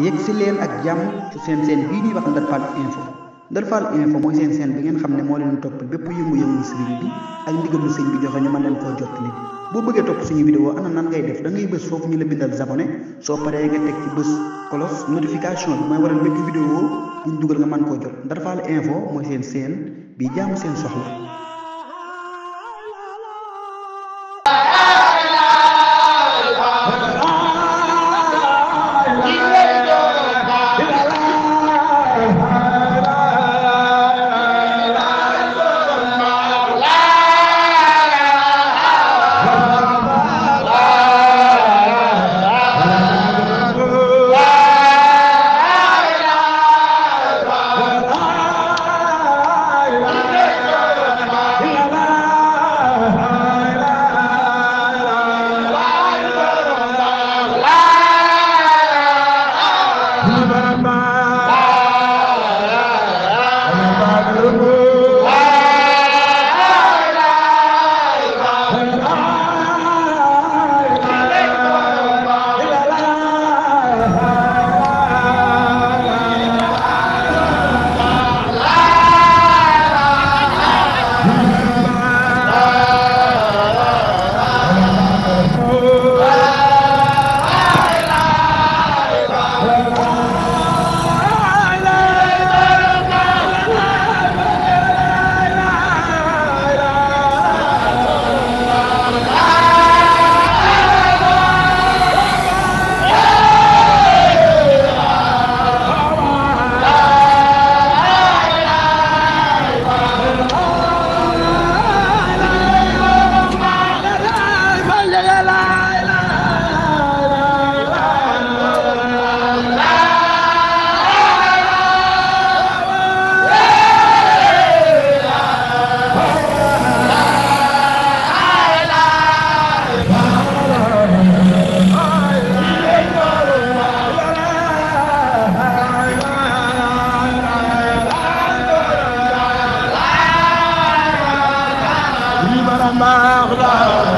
yegg si leen ak jàmm ci seen seen bii ñuy info Ndar info mooy seen seen bi ngeen xam ne moo leen toppal bépp yëngu-yëngu sëriñ bi ak ndigalu sëñ bi joxe ñu mën leen koo jot nit boo bëggee topp suñu vidéo ana nan ngay def da ngay foofu ñu la bindal soo paree nga teg ci kolos notification bi mooy waral bépp vidéo buñ dugal nga mën koo jot info mooy seen seen bi jaamu seen soxla ما أغلق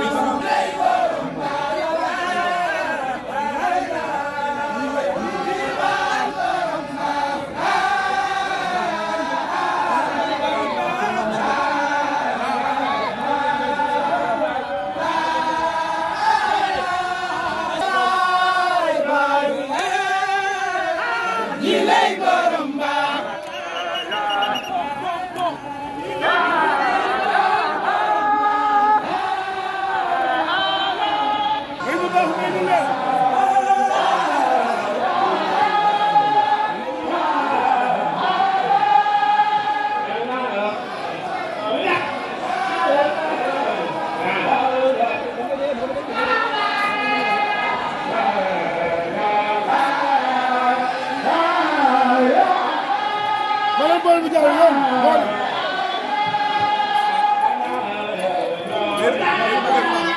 God.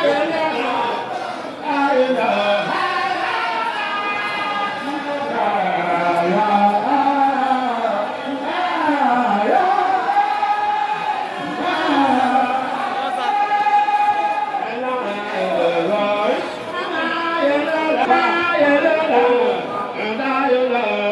and I alone.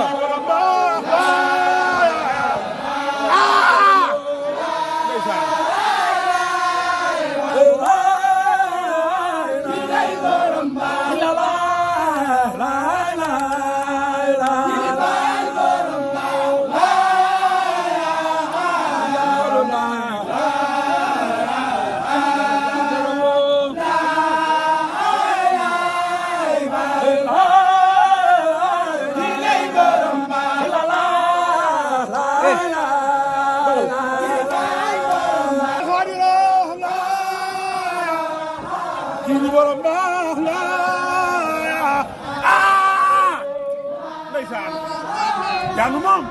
Alabama. jiitu borom baax la ah ndeysaan jaanu moom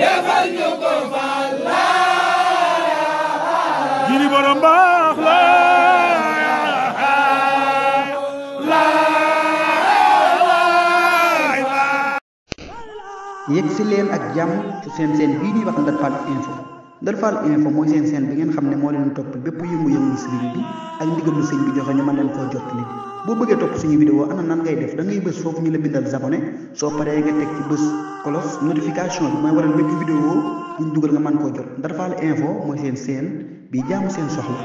defal ñu ko faal laa jiri borom baax la yegg si leen ak jàmm ci seen seen bii ñuy wax Ndar Fall info Ndar Fall Info mooy seen seen bi ngeen xam ne moo leen topp bépp yëngu-yëngu sëriñ bi ak ndigalu sëñ bi joxe ñu mën leen koo jottali boo bëggee topp suñu vidéo ana nan ngay def da ngay bës foofu ñu la bindal abonné soo paree nga teg ci bës kolos notification bi mooy waral bépp vidéo bu ñu dugal nga mën koo jot Ndar Fall Info mooy seen seen bi jaamu seen soxla